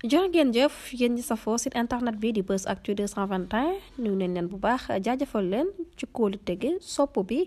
jërë ngeen jëf yéen ñi safoo site internet bi di Buzz Actu 221 nuyu nañ leen bu baax jaajëfal leen ci kóolu tege sopp bi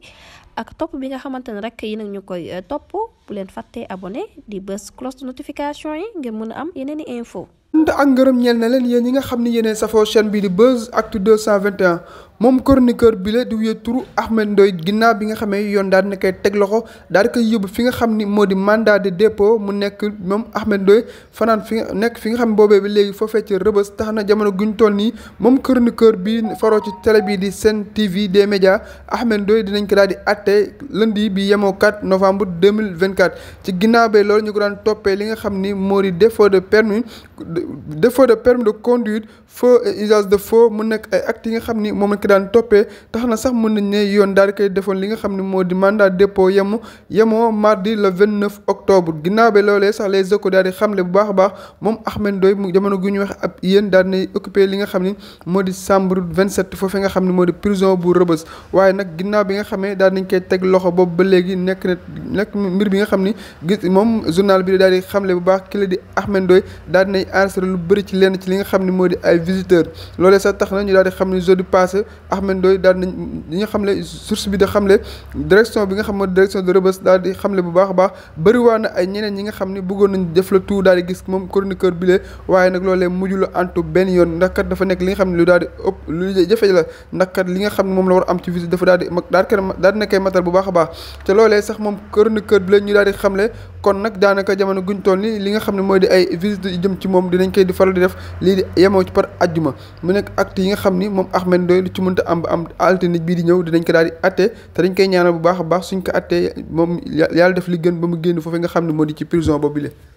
ak topp bi nga xamante ne rek yi nag ñu koy euh, topp bu leen fàttee abone di bës cloche de notification yi ngir mën a am yeneen i info. ndax ak ngërëm ñeel na leen yéen ñi nga xam ni yéenay safoo chaîne bi di Buzz Actu 221. moom kër chroniqueur bi la di wuyee turu Ahmed Ndoye ginnaaw bi nga xamee yoon daal na koy teg loxo daal di koy yóbbu fi nga xam ni moo di mandat de dépôt mu nekk moom Ahmed Ndoye fanaan fi nekk fi nga xam boobee bi léegi foofee ci rëbës tax na jamono guñ toll nii moom chroniqueur bi faroo ci télé bii di Sen TV des médias Ahmed Ndoye dinañ daal di atte lundi bi yemoo 4 novembre 2024 ci ginnaaw loolu ko daan toppee li nga xam ni moo di de permis défaut de permis de conduire faux et de faux mu nekk ay actes yi nga xam ni moom lañ daan toppee tax na sax mën nañ ne yoon daal di koy defoon li nga xam ne moo di mandat dépôt yemu yemoo mardi le 29 octobre ginnaaw bi loolee sax les échos daal di xamle bu baax a baax moom Ahmed Ndoye mu jamono gu ñu wax ab yéen daal di occupé li nga xam ni moo di chambre 27 foofee nga xam ne moo di prison bu Rebeuss waaye nag ginnaaw bi nga xamee daal nañ koy teg loxo boobu ba léegi nekk na nekk mbir bi nga xam ni gis moom journal bi daal di xamle bu baax ki la di Ahmed Ndoye daal di nay enregistré lu bëri ci lenn ci li nga xam ne moo di ay visiteurs loolee sax tax na ñu daal di xam ne passé Ahmed Ndoye daal nañ ñi nga xam ne source bi da xam ne direction bi nga xam ma direction de Rebeuss daal di xam bu baax a baax bëriwaa na ay ñeneen ñi nga xam ne bëggoon nañ def la tout daal di gis moom chroniqueur bi lee waaye nag loolee mujjul antu benn yoon ndax kat dafa nekk li nga xam ne lu daal di lu jafe la ndax kat li nga xam ne moom la war am ci visite dafa daal di mag daal di matal bu baax a baax te loolee sax moom chroniqueur bi la ñu daal di xam kon nag daanaka jamono guñ toll nii li nga xam ne mooy di ay visite yu jëm ci moom dinañ koy di faral di def lii di yemoo ci par ajjuma mu nekk acte yi nga xam ni moom Ahmed Ndoye lu ci mënta am am altin bii di ñëw dinañ ko daal di attee te dañ koy ñaanal bu baax baax suñ ko attee moom yàlla def li gën ba mu génn foofu nga xam ne moo di ci prison boobule